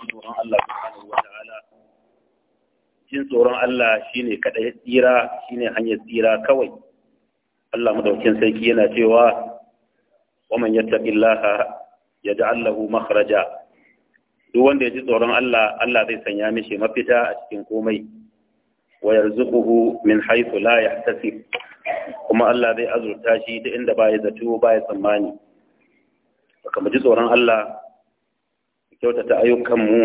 masu tsoron Allah subhanahu wa ta'ala jin tsoron Allah shine kada ya tsira shine hanyar tsira kawai Allah madaukin sarki yana cewa wa man yattaqillaha yaj'al lahu makhraja duk wanda ya ji tsoron Allah Allah zai sanya mishi mafita a cikin komai wa yarzuquhu min haythu la yahtasib kuma Allah zai azurta shi ta inda ba ya zato baya tsammani baka mu ji tsoron Allah kyautata ayyukanmu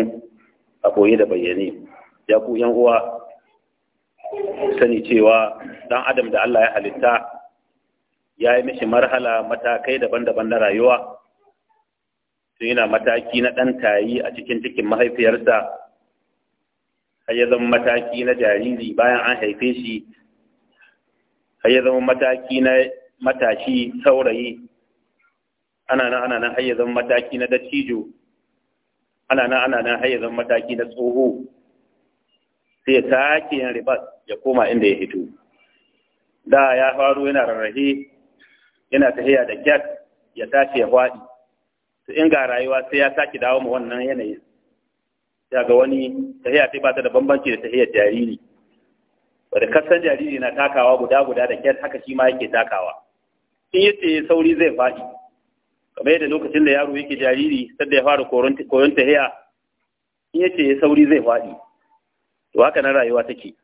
a koyi da bayyane ya ku yan uwa sani cewa dan adam da Allah ya halitta ya yi mishi marhala matakai daban-daban na rayuwa tun yana mataki na ɗan tayi a cikin cikin mahaifiyarsa ya zama mataki na jariri bayan an haife shi har ya zama mataki na matashi saurayi ana nan ana nan zama mataki na dattijo ana nan ana nan har ya zama mataki na tsoho sai ya sake yin ribas ya koma inda ya hito da ya faro yana rarrahe yana tahiya da kyat ya tashi ya faɗi to in ga rayuwa sai ya sake dawo ma wannan yanayin ya ga wani tahiya sai ba ta da bambanci da tahiyar jariri bada kasan jariri na takawa guda guda da kyat haka shi ma yake takawa in yace sauri zai faɗi kamar yadda lokacin da yaro yake jariri sadda ya fara koyon tahiya in yace ya sauri zai faɗi to haka na rayuwa take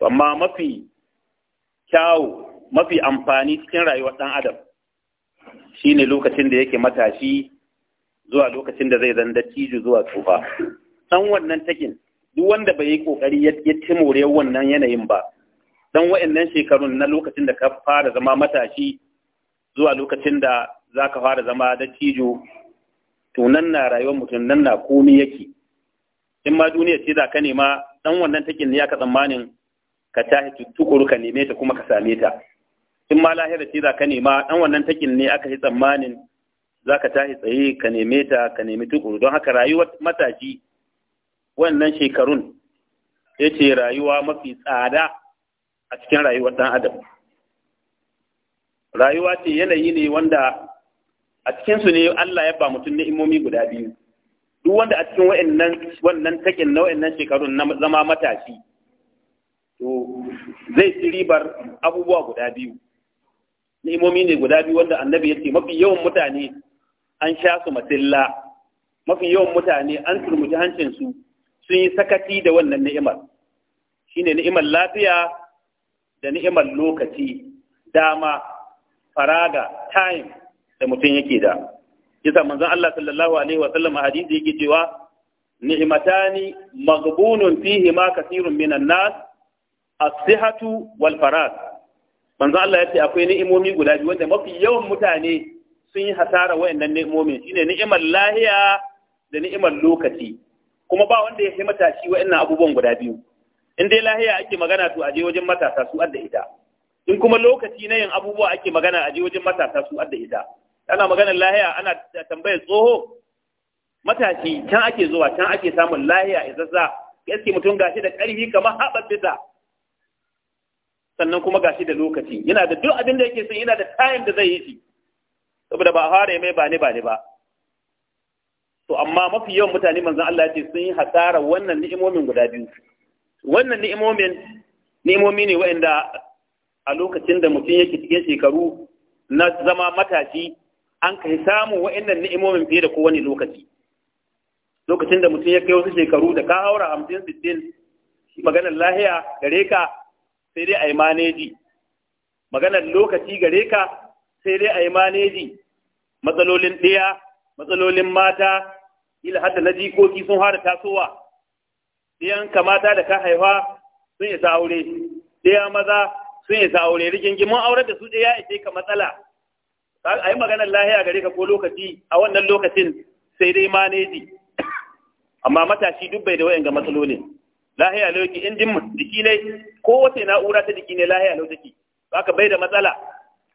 amma mafi kyawu mafi amfani cikin rayuwar ɗan adam shine lokacin da yake matashi zuwa lokacin da zai zanda tiju zuwa tsufa dan wannan takin duk wanda bai yi kokari ya timore wannan yanayin ba dan wa'annan shekarun na lokacin da ka fara zama matashi zuwa lokacin da za ka fara zama da cijo tunan na rayuwar mutum nan na komi yake in ma duniya ce za ka nema dan wannan takin ne ya tsammanin ka tashi tukuru ka neme ta kuma ka same ta in ma lahira ce za ka nema dan wannan takin ne aka yi tsammanin za ka tashi tsaye ka neme ta ka nemi tukuru don haka rayuwar mataji wannan shekarun ya ce rayuwa mafi tsada a cikin rayuwar ɗan adam rayuwa ce yanayi ne wanda a cikinsu ne Allah ya ba mutum ni'imomi guda biyu duk wanda a cikin wa'annan wannan takin na wa'annan shekarun na zama matashi to zai ci ribar abubuwa guda biyu ni'imomi ne guda biyu wanda annabi ya ce mafi yawan mutane an sha su masilla mafi yawan mutane an turmuci hancin su sun yi sakati da wannan ni'imar shine ni'imar lafiya da ni'imar lokaci dama faraga time da mutum yake da Kisa manzon Allah sallallahu alaihi wa sallam hadisi yake cewa ni'matani maghbunun fihi ma kathirun minan nas as-sihhatu wal faras manzon Allah yace akwai ni'imomi guda biyu wanda mafi yawan mutane sun yi hasara wayannan ni'imomin shine ni'imar lahiya da ni'imar lokaci kuma ba wanda ya fi matashi wayannan abubuwan guda biyu in dai lahiya ake magana to aje wajen matasa su adda ita in kuma lokaci na yin abubuwa ake magana aje wajen matasa su adda ita ana maganar lahiya ana tambayar tsoho matashi can ake zuwa can ake samun lahiya izazza gaske mutum gashi da ƙarfi kamar haɓar bisa sannan kuma gashi da lokaci yana da duk abin da yake son yana da time da zai yi shi saboda ba a fara mai ba ne ba ne ba to amma mafi yawan mutane manzon Allah ya ce sun yi hasara wannan ni'imomin guda biyu wannan ni'imomin ni'imomi ne waɗanda a lokacin da mutum yake cikin shekaru na zama matashi an kai samu wa'annan ni'imomin fiye da kowane lokaci lokacin da mutum ya kai wasu shekaru da ka haura hamsin sittin maganar lahiya gare ka sai dai a yi maneji maganar lokaci gare ka sai dai a yi maneji matsalolin ɗaya matsalolin mata ila hadda na jikoki sun hada tasowa ɗayan mata da ka haifa sun isa aure ɗaya maza sun isa aure rigingimin aurar da su ɗaya ya ka matsala a yi maganar lahiya gare ka ko lokaci a wannan lokacin sai dai maneji amma matashi duk bai da wayan ga matsalolin lahiya lauki injin jiki ne ko wace na'ura ta jiki ne lahiya lau baka ka bai da matsala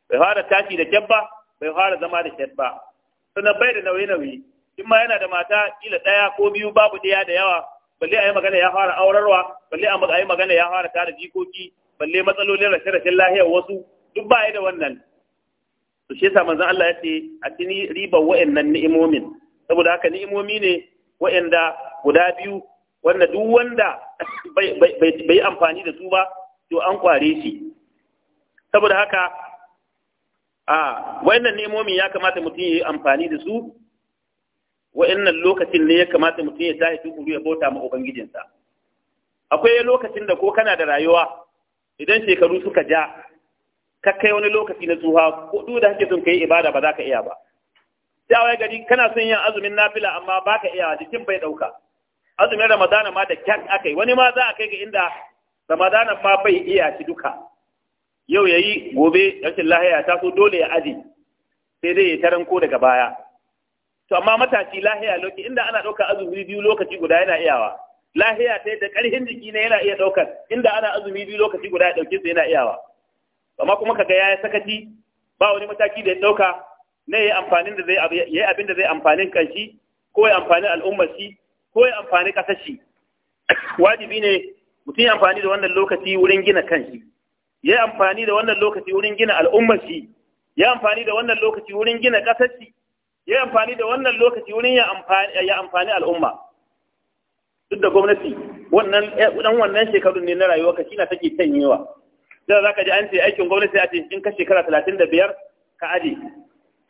bai fara tashi da kyabba bai fara zama da kyabba sannan bai da nauyi-nauyi in ma yana da mata kila ɗaya ko biyu babu daya da yawa balle a yi magana ya fara aurarwa balle a yi magana ya fara tara jikoki balle matsalolin rashe-rashen lahiyar wasu duk ba da wannan to shi yasa manzon Allah ya ce a tini riba wa'annan ni'imomin saboda haka ni'imomi ne wa'anda guda biyu wanda duk wanda bai amfani da su ba to an kware shi saboda haka a wa'annan ni'imomin ya kamata mutum ya yi amfani da su wa'annan lokacin ne ya kamata mutum ya tashi tukuru ya bauta ma ubangijinsa akwai lokacin da ko kana da rayuwa idan shekaru suka ja ka kai wani lokaci na tsuha ko duk da kake son kai ibada ba za ka iya ba sai wai gari kana son yin azumin nafila amma ba ka iya jikin bai dauka azumin ramadana ma da kyak akai wani ma za a kai ga inda ramadana ma bai iya shi duka yau yayi gobe rashin lahiya ta so dole ya aji sai dai ya taranko daga baya to amma matashi lahiya lokaci inda ana ɗaukar azumi biyu lokaci guda yana iyawa lahiya ta yadda karhin jiki ne yana iya ɗaukar inda ana azumi biyu lokaci guda ya ɗauke su yana iyawa amma kuma kaga ya sakaci ba wani mataki da ya dauka ne ya amfani da zai yayi abin da zai amfani kanshi ko ya amfani al'ummar shi ko ya amfani kasar shi wajibi ne mutum ya amfani da wannan lokaci wurin gina kanshi ya amfani da wannan lokaci wurin gina al'ummar shi ya amfani da wannan lokaci wurin gina kasar shi ya amfani da wannan lokaci wurin ya amfani ya amfani al'umma duk da gwamnati wannan eh, dan wannan shekarun ne na rayuwa kashi na take tanyewa da za ka ji an ce aikin gwamnati sai a ce in ka shekara talatin da biyar ka aji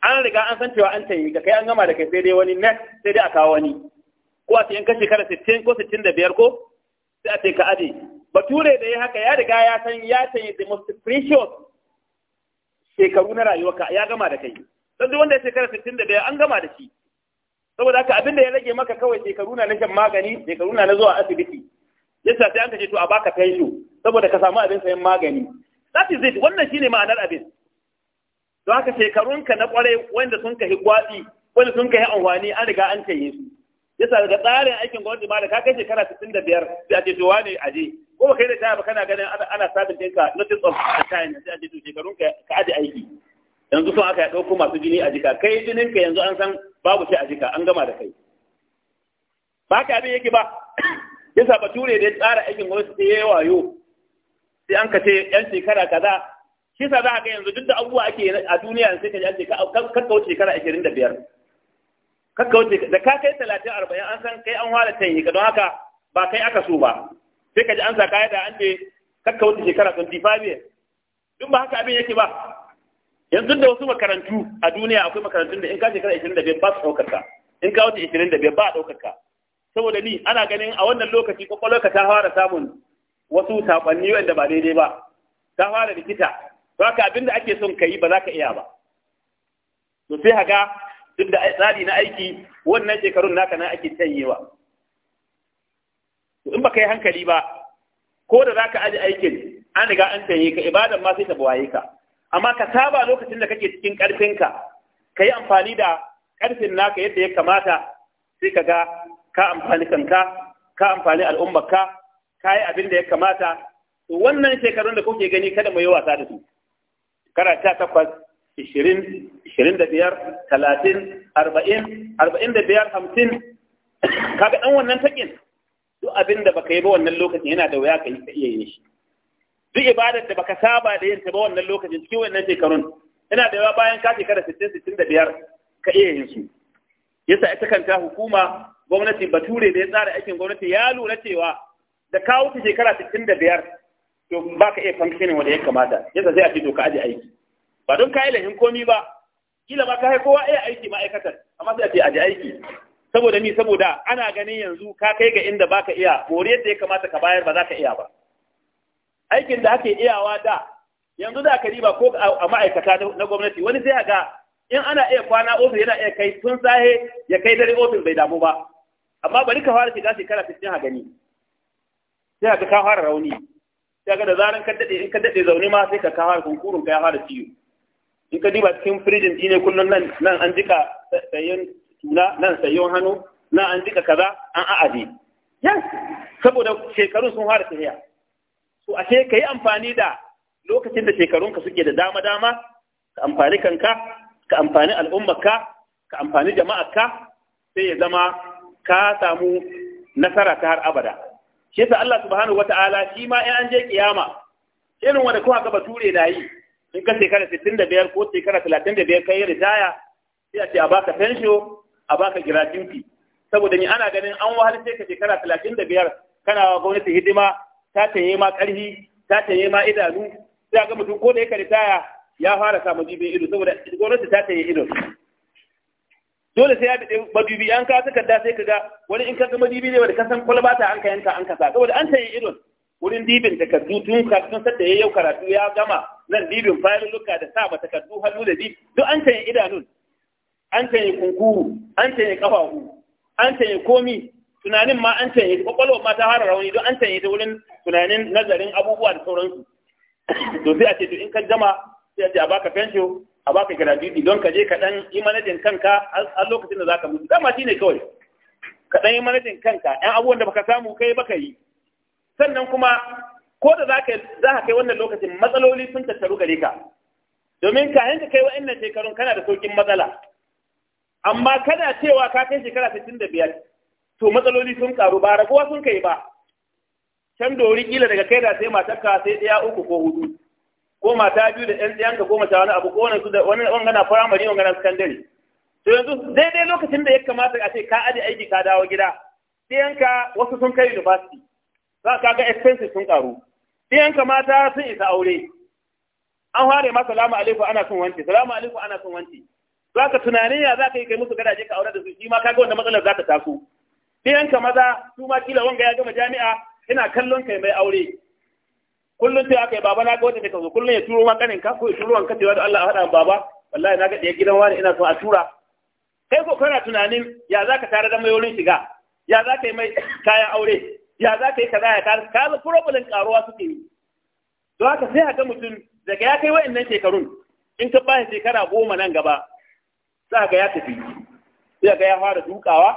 an riga an san cewa an tayi ga kai an gama da kai sai dai wani next sai dai a kawo wani ko a ce in ka shekara sittin ko sittin da biyar ko sai a ce ka aji bature da ya haka ya riga ya san ya tayi the most precious shekaru na ka ya gama da kai don duk wanda ya shekara sittin da biyar an gama da shi saboda haka abin da ya rage maka kawai shekaru na na shan magani shekaru na na zuwa asibiti yasa sai an ka to a baka pension saboda ka samu abin sayan magani that is it wannan shine ma'anar abin don haka shekarunka na kwarai wanda sun kai gwadi wanda sun kai anwani an riga an kai su yasa daga tsarin aikin gwamnati ma da ka kai shekara 65 sai a ce to wane aje ko kai da taya ba kana ganin ana sabin ɗinka notice of time sai a ce to shekarunka ka aje aiki yanzu sun aka ya ɗauko masu jini a jika kai jinin ka yanzu an san babu shi a jika an gama da kai ba ka abin yake ba yasa bature da ya tsara aikin gwamnati sai ya yi wayo sai an ka ce yan shekara kaza shi sa za a ga yanzu duk da abubuwa ake a duniya sai ka ji an kakka wuce shekara ashirin da biyar kakka wuce da ka kai talatin arba'in an san kai an fara tayi ka don haka ba kai aka so ba sai ka ji an sa kaya an ce kakka wuce shekara twenty five years duk ba haka abin yake ba yanzu da wasu makarantu a duniya akwai makarantun da in ka shekara ashirin da biyar ba su ɗaukar ka in ka wuce ashirin da biyar ba a ɗaukar ka saboda ni ana ganin a wannan lokaci kwakwalwarka ta fara samun wasu saƙonni wanda ba daidai ba ta fara likita. to haka abin da ake son ka yi ba za ka iya ba to sai haka duk da tsari na aiki wannan shekarun naka na ake canyewa to in baka yi hankali ba ko da za ka aji aikin an riga an canye ka ibadan ma sai ta buwaye ka amma ka saba lokacin da kake cikin ƙarfinka ka yi amfani da ƙarfin naka yadda ya kamata sai ka ga ka amfani kanka ka amfani al'ummarka yi abin da ya kamata to wannan shekarun da kuke gani kada mu yi wasa da su karata ta takwas ishirin ishirin da biyar talatin arba'in arba'in da biyar hamsin kaga ɗan wannan takin duk abin da baka yi ba wannan lokacin yana da wuya ka yi ka iya yin shi duk ibadar da baka saba da yin ta ba wannan lokacin cikin wannan shekarun yana da yawa bayan ka shekara sittin sittin da biyar ka iya yin su yasa ita kanta hukuma gwamnati bature da ya tsara aikin gwamnati ya lura cewa da kawo ta shekara 65 to ba ka iya functioning wanda ya kamata yasa sai a ce doka ka aje aiki ba don ka yi lahin komi ba kila ba ka kai kowa iya aiki ma'aikatar amma sai a ce aje aiki saboda ni saboda ana ganin yanzu ka kai ga inda baka iya bore yadda ya kamata ka bayar ba za ka iya ba aikin da ake iyawa da yanzu da aka riba ko a ma'aikata na gwamnati wani sai ga in ana iya kwana ofis yana iya kai tun sahe ya kai dare ofis bai damu ba amma bari ka fara shiga shekara 60 a gani sai ka ka fara rauni sai ka da zaran ka dade in ka dade zaune ma sai ka ka fara kunkurun ka ya fara ciwo in ka diba cikin firijin ɗine kullum nan nan an jika sayen tuna nan sayen hannu nan an jika kaza an a'adi yes saboda shekarun sun fara tafiya to ashe ka yi amfani da lokacin da shekarun ka suke da dama dama ka amfani kanka ka amfani al'ummarka ka amfani jama'arka sai ya zama ka samu nasara ta har abada shi yasa Allah subhanahu wata'ala shi ma in an je kiyama irin wanda kuma ka bature da yi in ka shekara 65 ko shekara 35 kai ritaya sai a ce a baka pension a baka gratuity saboda ni ana ganin an wahalce ka shekara 35 kana wa gwamnati hidima ta tanye ma karfi ta tanye ma idanu sai ga mutum ko da yake ritaya ya fara samu jibin ido saboda gwamnati ta taye ido dole sai ya bi madubi an ka takarda sai ka ga. wani in ka ga madubi ne wanda ka kwalaba ta an ka yanka an kasa saboda an tayi idon wurin dibin takardu tun kafin sadda ya yau karatu ya gama nan dibin luka da sa ba takardu hannu da dib duk an tayi idanun an tayi kunkuru an tayi kafafu an tayi komi tunanin ma an tayi kwakwalwa ma ta hara rauni don an tayi ta wurin tunanin nazarin abubuwa da sauransu to sai a ce to in ka gama sai a ce a baka fensho a baka gratuity don ka je ka dan manajin kanka a lokacin da zaka mutu dama shine kawai ka dan manajin kanka ɗan abubuwan da baka samu kai baka yi sannan kuma ko da za ka kai wannan lokacin matsaloli sun tattaru gare ka domin ka yanka kai wa'annan shekarun kana da saukin matsala amma kana cewa ka kai shekara da biyar, to matsaloli sun karu ba raguwa sun kai ba can dori kila daga kai da sai matarka sai ɗaya uku ko hudu ko mata biyu da ɗan tsayanka ko mata wani abu ko wani su da wani wangana firamare wangana sakandare to yanzu daidai lokacin da ya kamata a ce ka aje aiki ka dawo gida tsayanka wasu sun kai university za ka ga expenses sun karu tsayanka mata sun isa aure an ware ma salamu alaikum ana son wanti salamu alaikum ana son wanti za ka tunani ya za ka yi kai musu gadaje ka aure da su shi ma ka ga wanda matsalar za ta taso tsayanka maza su ma kila wanga ya gama jami'a ina kallon kai mai aure kullum sai aka yi baba na ga wanda take kullum ya turo ma kanin ka ko ya turo ka cewa da Allah hada baba wallahi na ga da gidan wani ina so a tura kai ko kana tunanin ya zaka tare da mai shiga ya zaka yi mai kayan aure ya zaka yi kaza ya tare ka problem karuwa suke yi to haka sai haka mutum daga ya kai wa'annan shekarun in ka bayan shekara goma nan gaba za ka ya tafi sai ga ya fara dukawa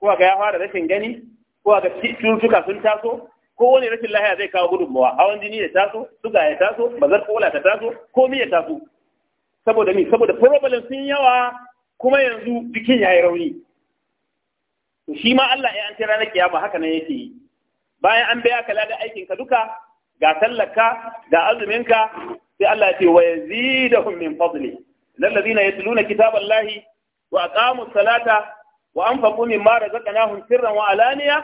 ko ka ya fara rashin gani ko ga cututtuka sun taso kowane rashin lahiya zai kawo gudunmawa hawan jini ya taso suga ya taso bazar kola ta taso komi ya taso saboda ni saboda problem sun yawa kuma yanzu jikin yayi rauni to shi ma Allah ya an tira na kiyama haka nan yake yi bayan an biya ka ladan aikin ka duka ga sallarka ga azumin ka sai Allah ya ce wa yazidahum min fadli lillazina yatluna kitaballahi wa aqamu salata wa anfaqu mimma razaqnahum sirran wa alaniya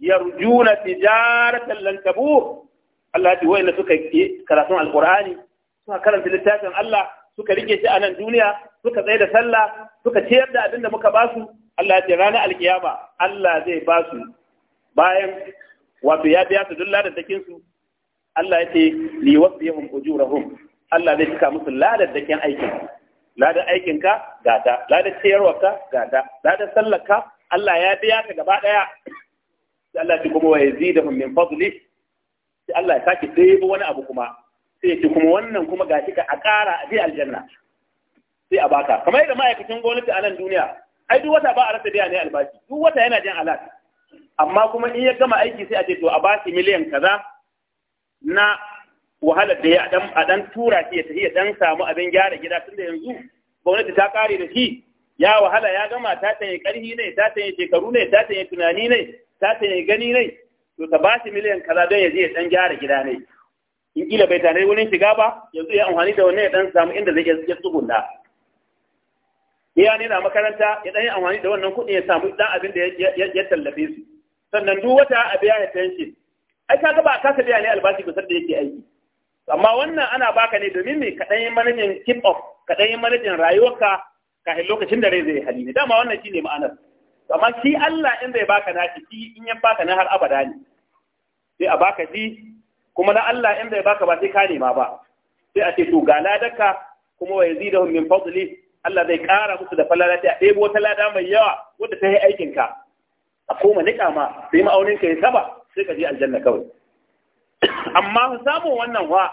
yarjuna tijaratan lan tabur Allah ya wayanda suka yi karatun alqur'ani suka karanta littafin Allah suka rike shi a nan duniya suka tsaye da sallah suka ciyar da abin da muka ba su Allah ya ranar alkiyama Allah zai ba bayan wato ya biya su duk ladadakin su Allah ya ce liwafihum ujurahum Allah zai cika musu ladadakin aikin ladan aikinka gata ladan ciyarwarka gata ladan sallarka Allah ya biya ka gaba ɗaya. sai Allah ce kuma wa da min fadli sai Allah ya sake ɗebo wani abu kuma sai ya ce kuma wannan kuma ga shika a ƙara a aljanna sai a baka kamar yadda ma'aikacin gwamnati a nan duniya ai duk wata ba a rasa biya ne albashi duk wata yana jin alat amma kuma in ya gama aiki sai a ce to a shi miliyan kaza na wahalar da ya dan a dan tura shi ya tafi ya dan samu abin gyara gida tunda yanzu gwamnati ta kare da shi ya wahala ya gama ta tanye karhi ne ta tanye shekaru ne ta tanye tunani ne ta ya ne gani nai to ta bashi miliyan kaza don ya je ya dan gyara gida ne in kila bai tare wurin shiga ba yanzu ya amfani da wannan ya dan samu inda zai ya tsugunda iya ne na makaranta ya dan yi amfani da wannan kuɗi ya samu dan abin da ya tallafe su sannan duk wata a biya ya pension ai kaga ba kasa biya ne albashi ba da yake aiki amma wannan ana baka ne domin me kaɗan yi manajin keep up kaɗan yi manajin rayuwarka kafin lokacin da rai zai hali ne dama wannan shine ma'anar amma shi Allah in zai baka nashi shi in ya baka har abada ne sai a baka shi kuma na Allah in zai baka ba sai ka nema ba sai a ce to ga ladaka kuma wa yazidahum min fadli Allah zai kara musu da falala ta ɗebo wata lada mai yawa wanda ta yi aikin ka a koma nika ma sai ma'aunin ka ya saba sai ka je aljanna kawai amma samun wannan wa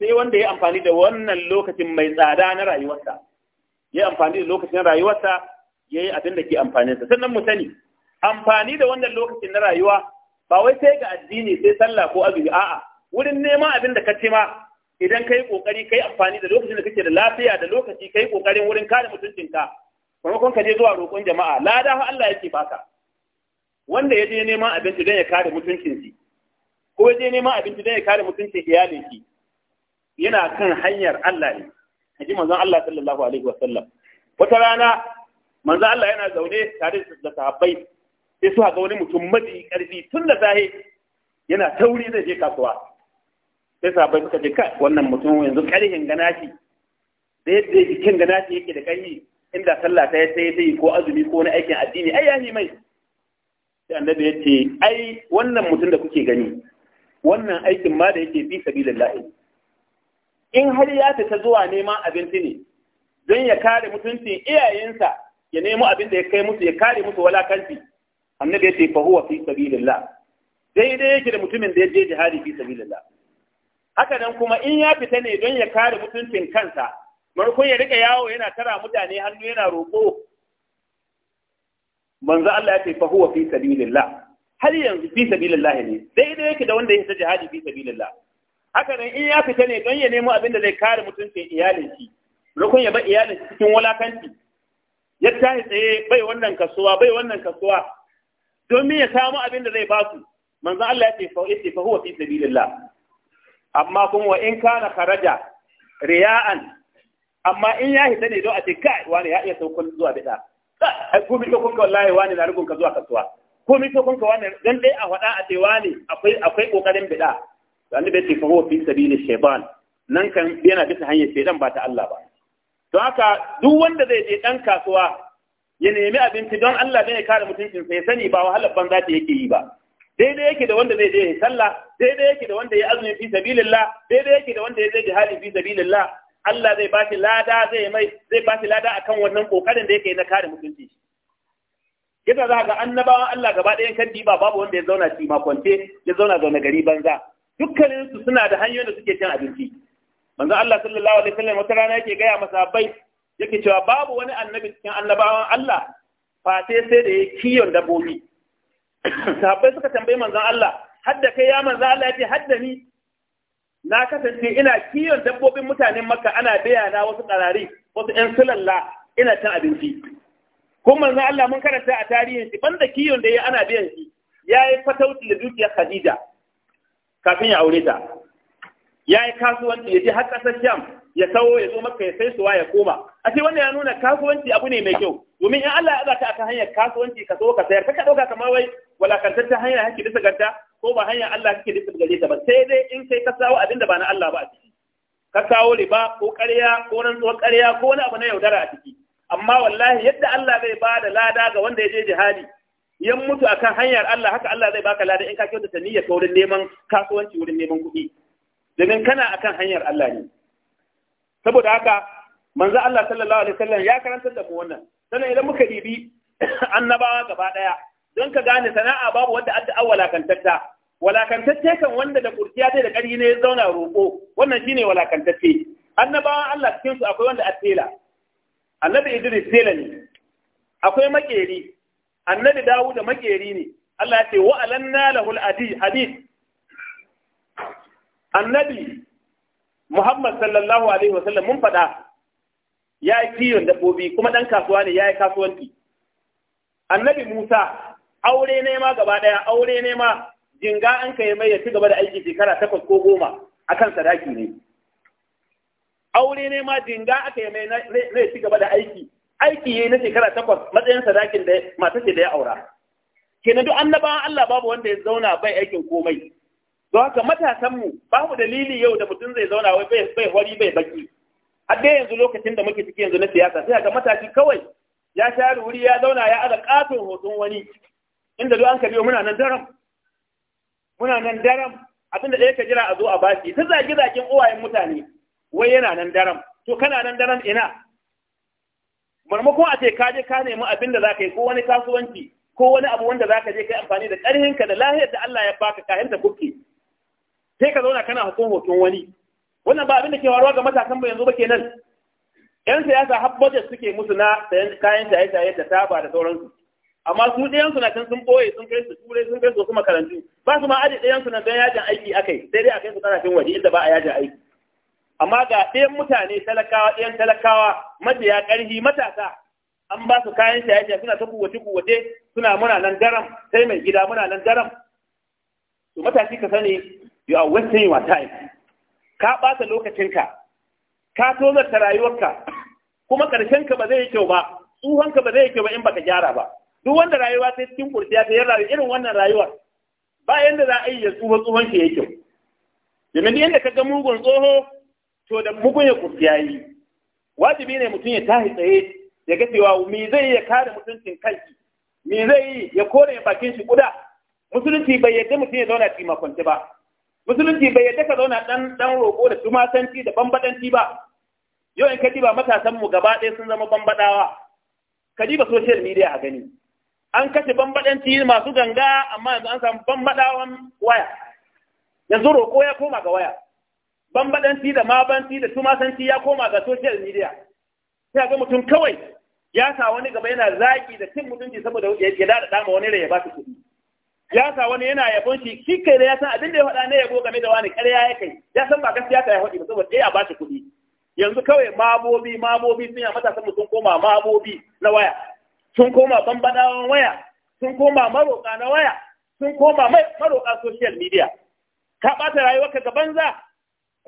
sai wanda ya amfani da wannan lokacin mai tsada na rayuwarsa ya amfani da lokacin rayuwarsa ya yi abin da ke amfaninsa sannan mu sani amfani da wannan lokacin na rayuwa ba wai sai ga addini sai sallah ko azumi a'a wurin neman abin da ka ce ma idan kai kokari kai amfani da lokacin da kake da lafiya da lokaci kai kokarin wurin kare mutuncinka maimakon ka je zuwa roƙon jama'a lada Allah yake baka wanda ya je neman abinci don ya kare shi ko ya je neman abinci don ya kare mutuncin shi yana kan hanyar Allah ne ji manzon Allah sallallahu alaihi wa sallam wata rana manzo Allah yana zaune tare da sahabbai sai suka ga wani mutum mai karfi tun da zahe yana tauri zai je kasuwa sai sahabbai suka ce kai wannan mutum yanzu karhin ganashi da yadda jikin ganashi yake da kai inda sallah ta sai sai ko azumi ko wani aikin addini ai yahi mai sai annabi ya ce ai wannan mutum da kuke gani wannan aikin ma da yake bi sabilillahi in har ya fita zuwa neman abinci ne don ya kare mutuncin iyayensa ya nemo abin da ya kai musu ya kare musu walakanci annabi ya ce fa huwa fi sabilillah dai yake da mutumin da ya je jihadi fi sabilillah haka nan kuma in ya fita ne don ya kare mutuncin kansa marko ya rika yawo yana tara mutane hannu yana roƙo manzo Allah ya ce fa huwa fi sabilillah har yanzu fi sabilillah ne dai yake da wanda ya jihadi fi sabilillah haka nan in ya fita ne don ya nemo abin da zai kare mutuncin iyalin shi rukun ya bar iyalin cikin walakanci ya tashi tsaye bai wannan kasuwa bai wannan kasuwa domin ya samu abin da zai ba su manzo Allah ya ce fa yace fa huwa fi sabilillah amma kuma wa in kana kharaja riya'an amma in ya hita ne don a ce kai wani ya iya saukon zuwa bid'a ai ko mi to kun wallahi wani na rugun ka zuwa kasuwa ko mi to kun ka wani dan dai a faɗa a ce wani akwai akwai kokarin bid'a annabi ya ce fa huwa fi sabilillah shaytan nan kan yana bisa hanyar shaytan ba ta Allah ba don haka duk wanda zai je ɗan kasuwa ya nemi abinci don Allah zai kare mutuncin sai sani ba wahalar banza ta yake yi ba daidai yake da wanda zai je ya sallah daidai yake da wanda ya azumi fi sabilillah daidai yake da wanda ya je jihadi fi sabilillah Allah zai bashi lada zai mai zai bashi lada akan wannan kokarin da yake yi na kare mutunci yadda za ga annabawan Allah gaba ɗayan kan diba babu wanda ya zauna ci makwance ya zauna zaune gari banza dukkaninsu suna da hanyoyin da suke cin abinci manzo Allah sallallahu alaihi wasallam wata rana yake gaya masahabbai yake cewa babu wani annabi cikin annabawan Allah fa sai da ya kiyon dabobi sahabbai suka tambayi manzo Allah hadda kai ya manzo Allah hadda ni na kasance ina kiyon dabbobin mutanen makka ana biya na wasu karari wasu 'yan sulalla ina cin abinci kuma manzo Allah mun karanta a tarihin shi banda kiyon da ya ana biyan shi ya yi fatauci da dukiyar Khadija kafin ya aure ta ya yi kasuwanci ya je har ƙasar sham ya sauro ya zo maka ya sai suwa ya koma a ce wannan ya nuna kasuwanci abu ne mai kyau domin in Allah ya zata akan hanyar kasuwanci ka so ka sayar kaka ɗauka kamar wai walakantaccen hanya hake bisa ganta ko ba hanyar Allah kake bisa gare ta ba sai dai in kai ka sawo abin da ba na Allah ba a ciki ka kawo riba ko ƙarya ko rantsuwar ƙarya ko wani abu na yaudara a ciki amma wallahi yadda Allah zai ba da lada ga wanda ya je jihadi yan mutu akan hanyar Allah haka Allah zai baka lada in ka kyautata niyyar ta wurin neman kasuwanci wurin neman kuɗi domin kana akan hanyar Allah ne saboda haka manzo Allah sallallahu alaihi wasallam ya karantar da mu wannan sannan idan muka dibi annabawa gaba daya don ka gane sana'a babu wanda adda walakantatta. walakantacce kan wanda da kurciya da ƙarfi ne ya zauna roƙo wannan shine walakantacce annabawan Allah cikin su akwai wanda atela annabi Idris tela ne akwai maƙeri. annabi Dawud da makeri ne Allah ya ce wa alanna lahul hadith annabi Muhammad sallallahu alaihi wasallam mun faɗa ya yi kiyon dabbobi kuma ɗan kasuwa ne ya yi kasuwanci annabi Musa aure ne ma gaba ɗaya aure ne ma jinga an kai mai ya ci gaba da aiki shekara takwas ko goma akan sadaki ne aure ne ma jinga aka yi mai na ya ci gaba da aiki aiki ya yi na shekara takwas matsayin sadakin da mata ce da ya aura kenan duk annabawan Allah babu wanda ya zauna bai aikin komai don haka matasanmu babu dalili yau da mutum zai zauna wai bai hori bai baki har dai yanzu lokacin da muke ciki yanzu na siyasa sai ga matashi kawai ya share wuri ya zauna ya aza katon hoton wani inda duk an ka biyo muna nan daram muna nan daram abinda ɗaya ka jira a zo a bashi ta zagi zagin uwayen mutane wai yana nan daram to kana nan daram ina marmakon a ce ka je ka nemi abin da za ka yi ko wani kasuwanci ko wani abu wanda za ka je ka yi amfani da ƙarhinka da lahiyar da Allah ya baka kayan ta kuke sai ka zauna kana hakon hoton wani wannan ba abin da ke faruwa ga matasan mu yanzu ba kenan yan siyasa har budget suke musu na sayan kayan shaye-shaye da taba da sauransu amma su ɗayan su can sun boye sun kai su turai sun kai su kuma karantu ba su ma aji ɗayan su na don yajin aiki akai sai dai a kai su kasashen waje inda ba a yajin aiki amma ga ɗayan mutane talakawa ɗayan talakawa mabiya ƙarfi matasa an ba su kayan shaye-shaye suna ta kuwace kuwace suna muna nan daram sai mai gida muna nan daram to matashi ka sani you are wasting your time ka ɓata lokacinka ka tozarta rayuwarka kuma ƙarshenka ba zai yi kyau ba tsuhanka ba zai yi kyau ba in baka gyara ba duk wanda rayuwa sai cikin kurciya ta yarda rayu irin wannan rayuwar ba yanda za a yi ya shi ya kyau domin yadda ka ga mugun tsoho to da mugun ya kurciya yi wajibi ne mutum ya tahi tsaye ya ga cewa me zai ya kare mutuncin kanki me zai yi ya kore bakin shi kuda musulunci bai yadda mutum ya zauna cikin makwance ba musulunci bai yadda ka zauna dan dan roƙo da tumatanci da bambadanci ba yau in ka ba matasan mu gaba ɗaya sun zama bambadawa ka diba social media a gani an kashe bambadanci masu ganga amma yanzu an samu bambadawan waya yanzu roƙo ya koma ga waya bambadanci da mabanci da tumasanci ya koma ga social media sai ga mutum kawai ya sa wani gaba yana zaki da cin mutunci saboda ya da dama wani rai ya ba su kuɗi ya sa wani yana yabon shi shi kai da ya san abin da ya faɗa ne yabo game da wani ƙarya ya kai ya san ba gaskiya ta ya faɗi ba saboda ɗaya ba shi kuɗi yanzu kawai mabobi mabobi sun yi matasan sun koma mabobi na waya sun koma bambadawan waya sun koma maroƙa na waya sun koma maroƙa social media ka ɓata rayuwarka ga banza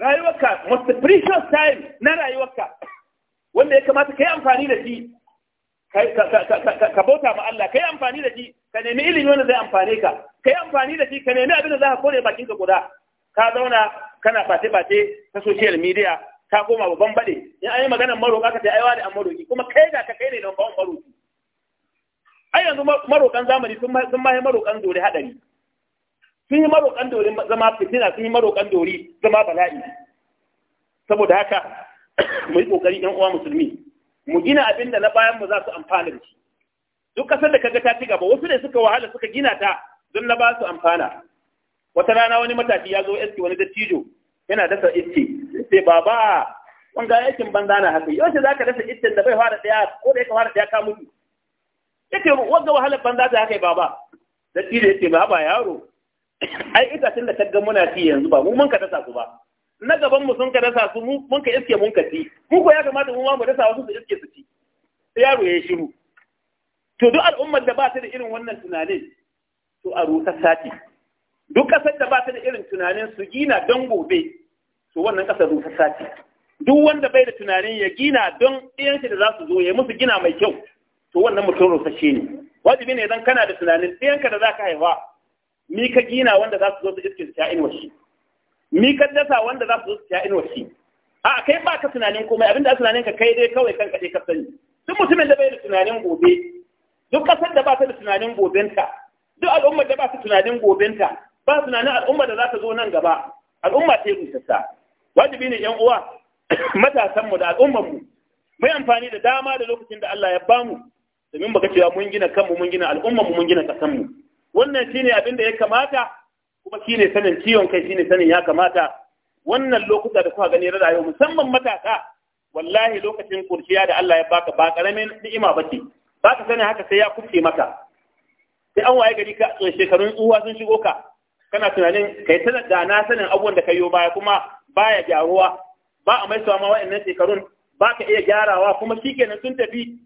rayuwarka most precious time na rayuwarka wanda ya kamata ka yi amfani da shi ka bauta ma Allah ka yi amfani da shi ka nemi ilimi wanda zai amfane ka ka yi amfani da shi ka nemi abin da za ka kone bakin ka guda ka zauna kana bate-bate ta social media ka koma babban bade in an yi maganar maroƙa ka ta aiwa da an maroƙi kuma kai da ka kai ne don kawon maroƙi ai yanzu maroƙan zamani sun ma yi maroƙan dore haɗari sun yi maroƙan dori zama fitina sun yi maroƙan dori zama bala'i saboda haka mu yi ƙoƙari ɗan uwa musulmi mu gina abin da na bayan mu za su amfana da shi duk kasar da kaga ta ci gaba wasu ne suka wahala suka gina ta don na ba su amfana wata rana wani matashi ya zo eski wani dattijo yana dasa iski sai baba kun ga aikin banza na haka yau za ka dasa iskin da bai fara daya ko da yake fara daya ka mutu yake wanda wahalar banza ta haka baba dattijo yace ba ba yaro ai itacen da ga muna ci yanzu ba mu mun ka dasa su ba na gaban mu sun ka dasa su mun ka iske mun ka ci mu ko ya kamata mu ma mu dasa wasu su iske su ci yaro ya shiru to duk al'ummar da ba ta da irin wannan tunanin to a rusa sati duk ƙasar da ba ta da irin tunanin su gina don gobe to wannan ƙasar rusa sati duk wanda bai da tunanin ya gina don ɗayansu da za su zo ya musu gina mai kyau to wannan mutum rusashe ne wajibi ne idan kana da tunanin ɗiyanka da za ka haifa ni ka gina wanda za su zo su iskin su sha inuwar shi ka dasa wanda za su zo su sha in washi. a kai ba ka tunanin komai abinda a tunanin ka kai dai kawai kanka dai ka sani duk mutumin da bai da tunanin gobe duk kasar da ba ta da tunanin gobenta duk al'ummar da ba ta tunanin gobenta ba tunanin al'ummar da za ta zo nan gaba al'umma ce rusassa wajibi ne yan uwa matasan mu da al'ummar mu mai amfani da dama da lokacin da Allah ya ba mu. domin baka cewa mun gina kanmu mun gina al'ummar mu mun gina kasar mu wannan shine abin da ya kamata kuma shine sanin ciwon kai shine sanin ya kamata wannan lokuta da kuka gani rayuwa musamman matasa wallahi lokacin kurciya da Allah ya baka ba karamin ni'ima bace ba ka sani haka sai ya kubce maka sai an waye gari ka shekarun uwa sun shigo ka kana tunanin kai ta da na sanin abubuwan da ka yi baya kuma baya gyaruwa ba a maisuwa ma wa'annan shekarun ba ka iya gyarawa kuma shi kenan sun tafi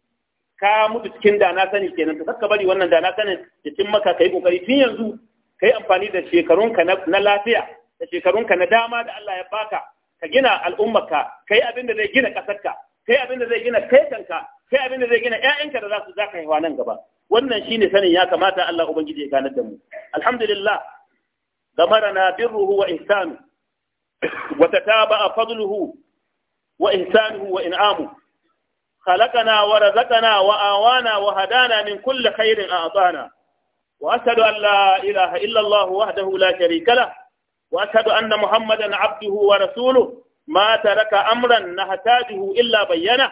ka mutu cikin da na sani kenan to ka bari wannan da na sanin cikin maka kai kokari tun yanzu kai amfani da shekarunka na lafiya da shekarunka na dama da Allah ya baka ka gina al'ummarka kai abin da zai gina kasarka kai abin da zai gina kai kanka kai abin da zai gina ƴaƴanka da za su zaka haihuwa nan gaba wannan shine sanin ya kamata Allah ubangiji ya ganar da mu alhamdulillah gamarana birruhu wa ihsanu wa tataba'a fadluhu wa ihsanuhu wa in'amu خلقنا ورزقنا وآوانا وهدانا من كل خير أعطانا وأشهد أن لا إله إلا الله وحده لا شريك له وأشهد أن محمدا عبده ورسوله ما ترك أمرا نحتاجه إلا بينه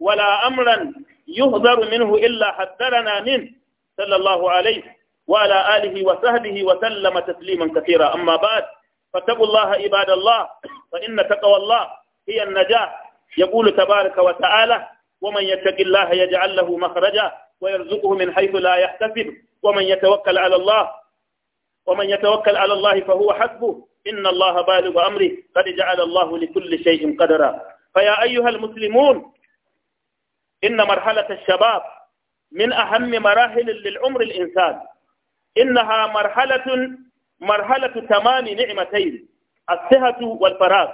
ولا أمرا يهذر منه إلا حذرنا منه صلى الله عليه وعلى آله وسهله وسلم تسليما كثيرا أما بعد فاتقوا الله عباد الله فإن تقوى الله هي النجاة يقول تبارك وتعالى ومن يتق الله يجعل له مخرجا ويرزقه من حيث لا يحتسب ومن يتوكل على الله ومن يتوكل على الله فهو حسبه إن الله بالغ أمره قد جعل الله لكل شيء قدرا فيا أيها المسلمون إن مرحلة الشباب من أهم مراحل للعمر الإنسان إنها مرحلة مرحلة تمام نعمتين الصحة والفراغ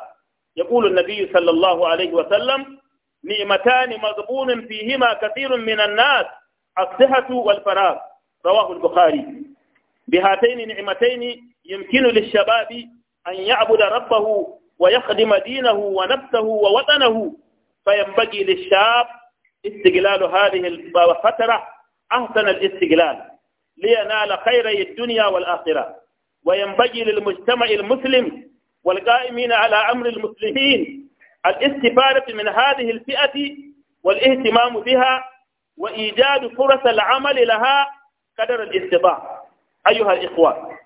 يقول النبي صلى الله عليه وسلم نعمتان مضبون فيهما كثير من الناس الصحة والفراغ رواه البخاري بهاتين نعمتين يمكن للشباب أن يعبد ربه ويخدم دينه ونفسه ووطنه فينبغي للشاب استقلال هذه الفترة أحسن الاستقلال لينال خيري الدنيا والآخرة وينبغي للمجتمع المسلم والقائمين على أمر المسلمين الاستفادة من هذه الفئة والاهتمام بها وإيجاد فرص العمل لها قدر الاستطاعة أيها الإخوة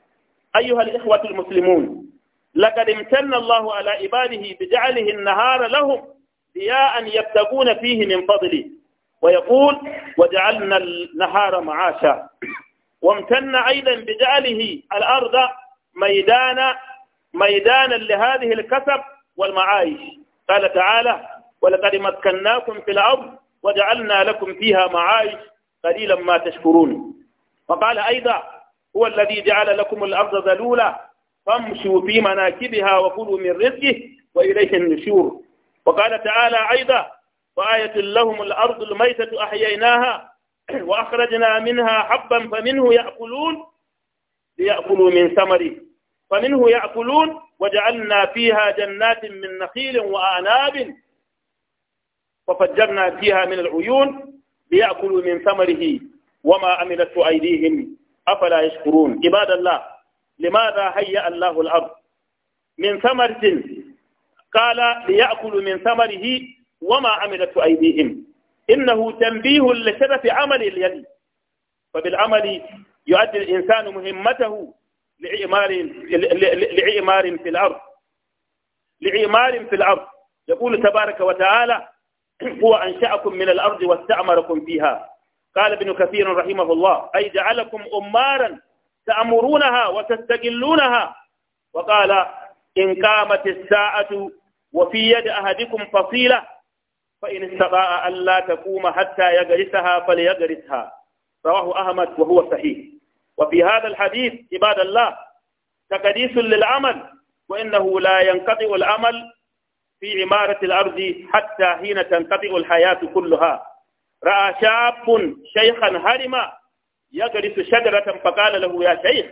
أيها الإخوة المسلمون لقد امتن الله على عباده بجعله النهار لهم رياء يبتغون فيه من فضله ويقول وجعلنا النهار معاشا وامتن أيضا بجعله الأرض ميدانا ميدانا لهذه الكسب والمعايش قال تعالى ولقد مكناكم في الأرض وجعلنا لكم فيها معايش قليلا ما تشكرون وقال أيضا هو الذي جعل لكم الأرض ذلولا فامشوا في مناكبها وكلوا من رزقه وإليه النشور وقال تعالى أيضا وآية لهم الأرض الميتة أحييناها وأخرجنا منها حبا فمنه يأكلون ليأكلوا من ثمره فمنه يأكلون وجعلنا فيها جنات من نخيل وأعناب وفجرنا فيها من العيون ليأكلوا من ثمره وما أملت أيديهم أفلا يشكرون عباد الله لماذا هيأ الله الأرض من ثمرة قال ليأكلوا من ثمره وما عملت أيديهم إنه تنبيه لشرف عمل اليد فبالعمل يؤدي الإنسان مهمته لعمار لعمار في الأرض لعمار في الأرض يقول تبارك وتعالى هو أنشأكم من الأرض واستعمركم فيها قال ابن كثير رحمه الله أي جعلكم أمارا تأمرونها وتستقلونها وقال إن قامت الساعة وفي يد أحدكم فصيلة فإن استطاع ألا تقوم حتى يجلسها فليجلسها رواه أحمد وهو صحيح وفي هذا الحديث عباد الله تقديس للعمل وإنه لا ينقطع العمل في عمارة الأرض حتى حين تنقطع الحياة كلها رأى شاب شيخا هرما يجلس شجرة فقال له يا شيخ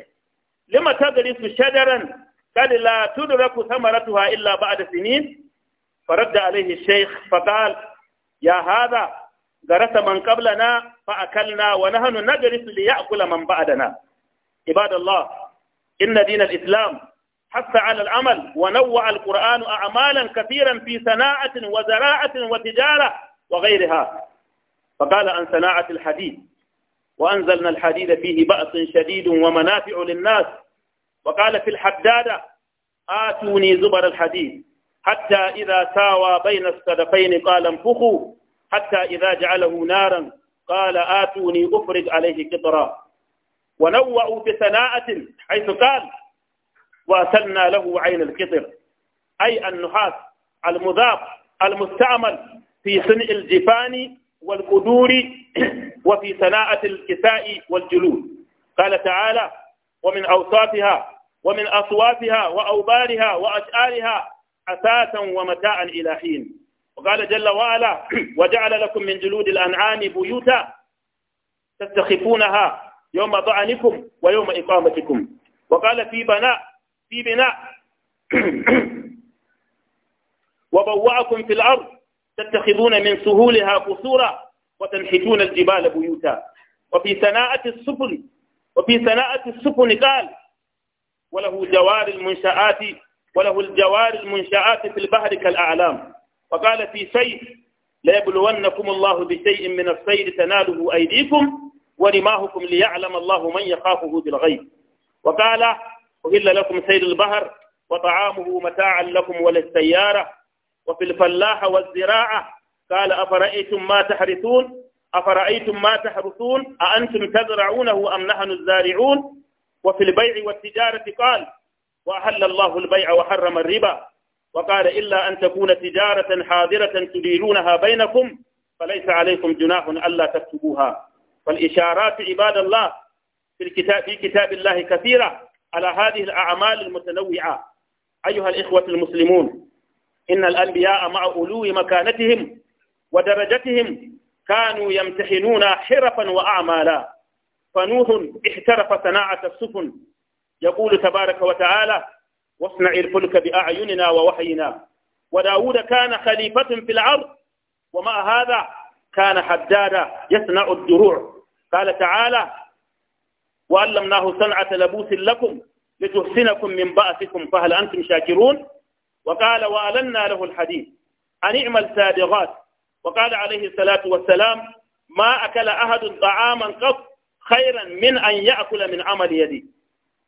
لما تجلس شجرا قال لا تدرك ثمرتها إلا بعد سنين فرد عليه الشيخ فقال يا هذا درس من قبلنا فأكلنا ونحن نجلس ليأكل من بعدنا عباد الله إن دين الإسلام حث على العمل ونوع القرآن أعمالا كثيرا في صناعة وزراعة وتجارة وغيرها فقال عن صناعة الحديد وأنزلنا الحديد فيه بأس شديد ومنافع للناس وقال في الحدادة آتوني زبر الحديد حتى إذا ساوى بين الصدفين قال انفخوا حتى إذا جعله نارا قال آتوني أفرج عليه قطرا ونوأوا بثناءة حيث قال وأسلنا له عين القطر أي النحاس المذاب المستعمل في صنع الجفان والقدور وفي صناعة الكساء والجلود قال تعالى ومن أوصافها ومن أصواتها وأوبارها وأشعارها أساسا ومتاعا إلى حين وقال جل وعلا وجعل لكم من جلود الأنعام بيوتا تستخفونها يوم ضعنكم ويوم إقامتكم وقال في بناء في بناء وبوأكم في الأرض تتخذون من سهولها قصورا وتنحتون الجبال بيوتا وفي ثناءة السفن وفي ثناءة السفن قال وله جوار المنشآت وله الجوار المنشآت في البحر كالأعلام وقال في سيد ليبلونكم الله بشيء من الصيد تناله أيديكم ورماهكم ليعلم الله من يخافه بالغيب وقال أهل لكم سيد البحر وطعامه متاعا لكم وللسيارة وفي الفلاح والزراعة قال أفرأيتم ما تحرثون أفرأيتم ما تحرثون أأنتم تزرعونه أم نحن الزارعون وفي البيع والتجارة قال وأحل الله البيع وحرم الربا وقال إلا أن تكون تجارة حاضرة تديرونها بينكم فليس عليكم جناح ألا تكتبوها والإشارات عباد الله في الكتاب في كتاب الله كثيرة على هذه الأعمال المتنوعة أيها الإخوة المسلمون إن الأنبياء مع أولو مكانتهم ودرجتهم كانوا يمتحنون حرفا وأعمالا فنوح احترف صناعة السفن يقول تبارك وتعالى واصنع الفلك بأعيننا ووحينا وداود كان خليفة في الأرض ومع هذا كان حدادا يصنع الدروع قال تعالى وعلمناه صنعة لبوس لكم لتحسنكم من بأسكم فهل أنتم شاكرون وقال وألنا له الحديث أن اعمل سابغات وقال عليه الصلاة والسلام ما أكل أحد طعاما قط خيرا من أن يأكل من عمل يده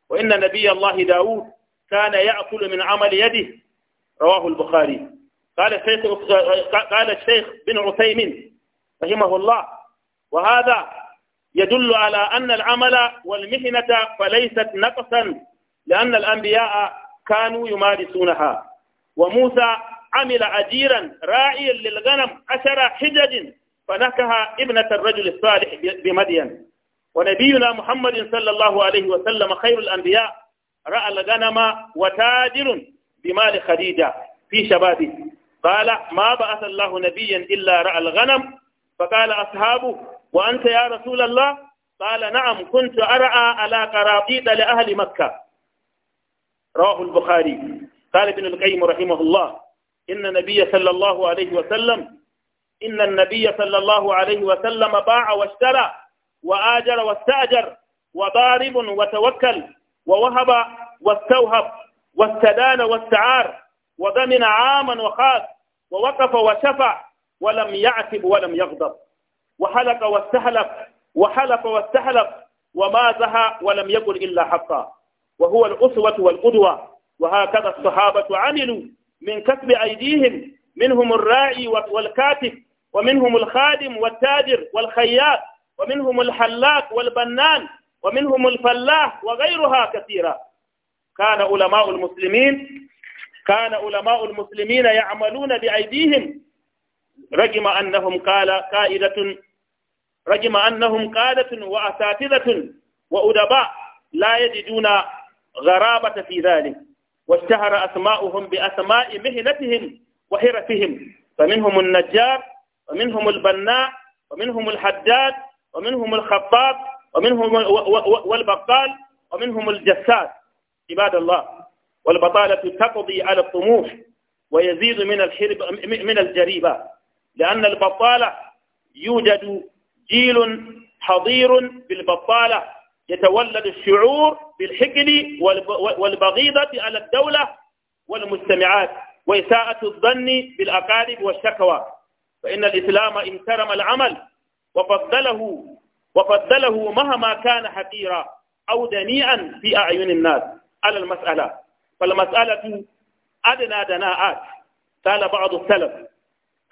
وإن نبي الله داود كان يأكل من عمل يده رواه البخاري قال الشيخ قال الشيخ بن عثيمين رحمه الله وهذا يدل على أن العمل والمهنة فليست نقصا لأن الأنبياء كانوا يمارسونها وموسى عمل أجيرا راعيا للغنم عشر حجج فنكها ابنة الرجل الصالح بمدين ونبينا محمد صلى الله عليه وسلم خير الأنبياء رأى الغنم وتاجر بمال خديجة في شبابه قال ما بعث الله نبيا إلا رأى الغنم فقال أصحابه وأنت يا رسول الله قال نعم كنت أرعى على قرابيط لأهل مكة رواه البخاري قال ابن القيم رحمه الله إن النبي صلى الله عليه وسلم إن النبي صلى الله عليه وسلم باع واشترى وآجر واستأجر وضارب وتوكل ووهب واستوهب واستدان واستعار وضمن عاما وخاص ووقف وشفع ولم يعتب ولم يغضب وحلق واستحلف وحلق واستحلف ومازح ولم يقل إلا حقا وهو الأسوة والقدوة وهكذا الصحابة عملوا من كسب أيديهم منهم الراعي والكاتب ومنهم الخادم والتاجر والخياط ومنهم الحلاق والبنان ومنهم الفلاح وغيرها كثيرة كان علماء المسلمين كان علماء المسلمين يعملون بأيديهم رجم أنهم قال قائدة رجم أنهم قادة وأساتذة وأدباء لا يجدون غرابة في ذلك واشتهر أسماؤهم بأسماء مهنتهم وحرفهم فمنهم النجار ومنهم البناء ومنهم الحداد ومنهم الخطاب ومنهم والبقال ومنهم الجساس عباد الله والبطالة تقضي على الطموح ويزيد من الحرب من الجريبة لأن البطالة يوجد جيل حضير بالبطالة يتولد الشعور بالحقد والبغيضة على الدولة والمجتمعات وإساءة الظن بالأقارب والشكوى فإن الإسلام إن كرم العمل وفضله وفضله مهما كان حقيرا أو دنيئا في أعين الناس على المسألة فالمسألة أدنى دناءات قال بعض السلف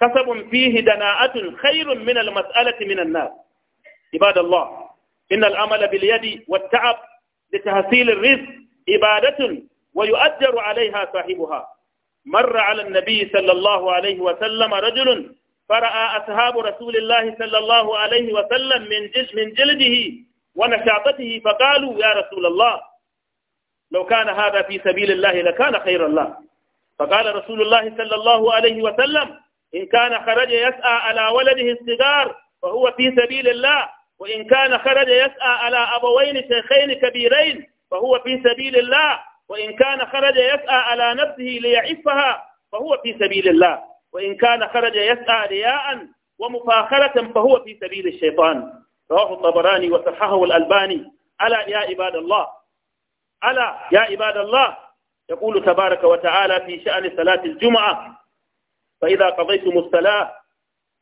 كسب فيه دناءة خير من المسألة من الناس عباد الله إن العمل باليد والتعب لتحصيل الرزق عبادة ويؤجر عليها صاحبها مر على النبي صلى الله عليه وسلم رجل فرأى أصحاب رسول الله صلى الله عليه وسلم من من جلده ونشاطته فقالوا يا رسول الله لو كان هذا في سبيل الله لكان خيرا له فقال رسول الله صلى الله عليه وسلم إن كان خرج يسعى على ولده الصغار فهو في سبيل الله وإن كان خرج يسعى على أبوين شيخين كبيرين فهو في سبيل الله وإن كان خرج يسعى على نفسه ليعفها فهو في سبيل الله وإن كان خرج يسعى رياء ومفاخرة فهو في سبيل الشيطان رواه الطبراني وصححه الألباني ألا يا عباد الله ألا يا عباد الله يقول تبارك وتعالى في شأن صلاة الجمعة فإذا قضيتم الصلاة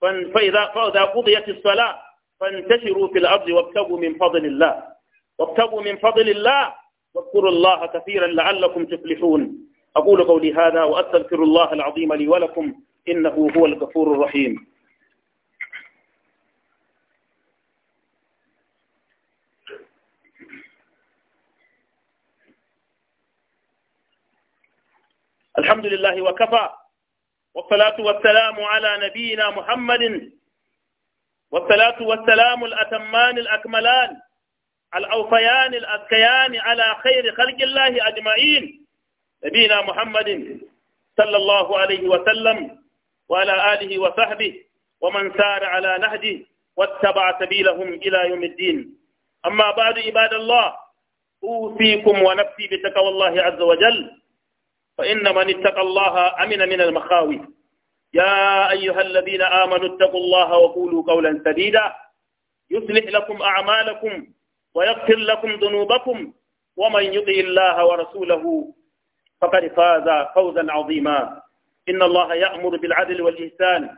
فإذا فإذا قضيت الصلاة فانتشروا في الأرض وابتغوا من فضل الله وابتغوا من فضل الله واذكروا الله كثيرا لعلكم تفلحون أقول قولي هذا وأستغفر الله العظيم لي ولكم إنه هو الغفور الرحيم الحمد لله وكفى والصلاة والسلام على نبينا محمد والصلاة والسلام الأتمان الأكملان الأوفيان الأذكيان على خير خلق الله أجمعين نبينا محمد صلى الله عليه وسلم وعلى آله وصحبه ومن سار على نهجه واتبع سبيلهم إلى يوم الدين أما بعد عباد الله أوصيكم ونفسي بتقوى الله عز وجل فإن من اتقى الله أمن من المخاوف يا أيها الذين آمنوا اتقوا الله وقولوا قولا سديدا يصلح لكم أعمالكم ويغفر لكم ذنوبكم ومن يطع الله ورسوله فقد فاز فوزا عظيما إن الله يأمر بالعدل والإحسان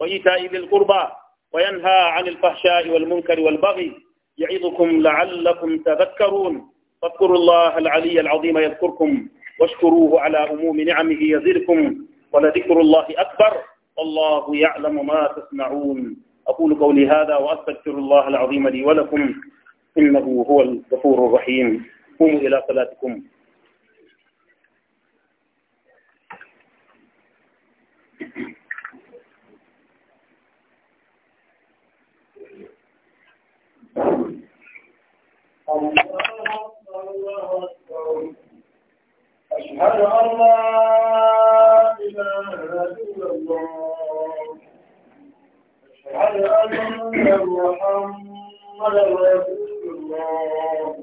وإيتاء ذي القربى وينهى عن الفحشاء والمنكر والبغي يعظكم لعلكم تذكرون فاذكروا الله العلي العظيم يذكركم واشكروه على عموم نعمه يزدكم ولذكر الله أكبر والله يعلم ما تصنعون أقول قولي هذا وأستغفر الله العظيم لي ولكم إنه هو الغفور الرحيم قوموا إلى صلاتكم أشهد أن لا إله إلا الله أشهد أن محمدا رسول الله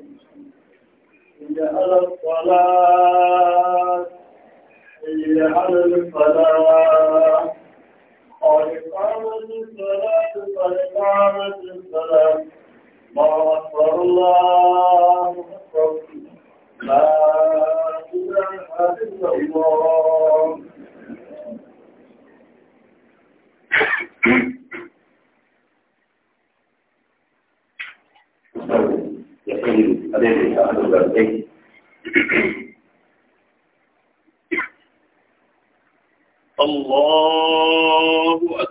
إن على الصلاة إن على الصلاة قد قامت الصلاة قد قامت الصلاة الله أكبر الله أكبر لا إله إلا الله يقول أبي أحد الوالدين الله أكبر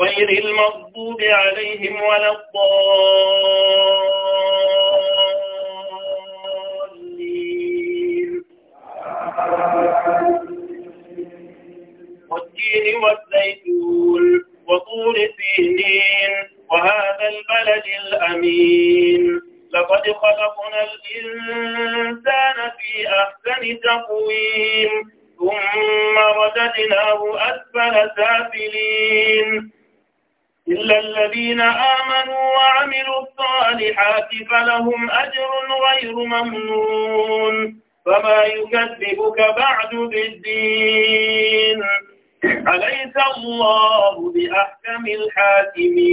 غير المغضوب عليهم ولا الضالين والتين والزيتون وطول سينين وهذا البلد الأمين لقد خلقنا الإنسان في أحسن تقويم ثم رددناه أسفل سافلين إلا الذين آمنوا وعملوا الصالحات فلهم أجر غير ممنون فما يكذبك بعد بالدين أليس الله بأحكم الحاكمين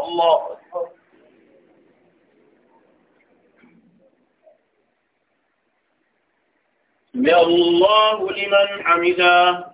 الله أكبر الله لمن حمده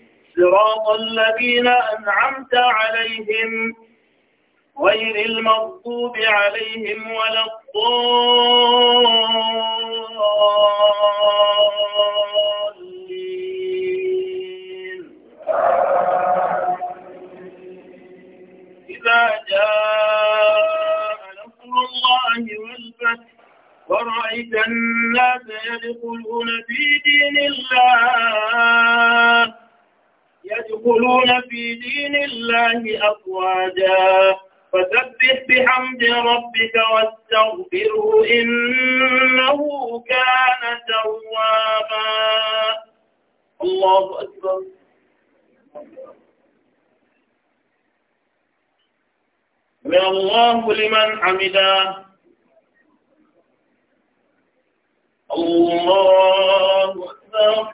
صراط الذين أنعمت عليهم غير المغضوب عليهم ولا الضالين إذا جاء نصر الله والفتح ورأيت الناس يدخلون في دين الله يدخلون في دين الله أفواجا فسبح بحمد ربك واستغفره إنه كان توابا الله أكبر من الله لمن حمدا الله أكبر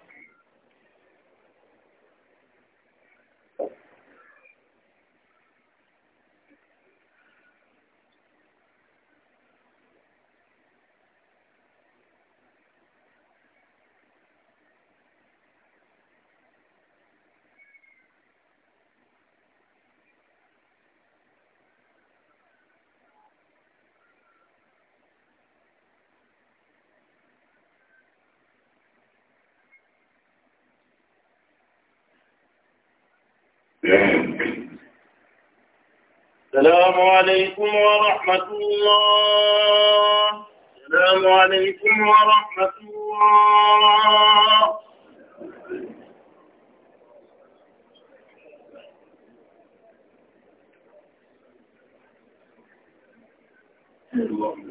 السلام عليكم ورحمة الله السلام عليكم ورحمة الله الله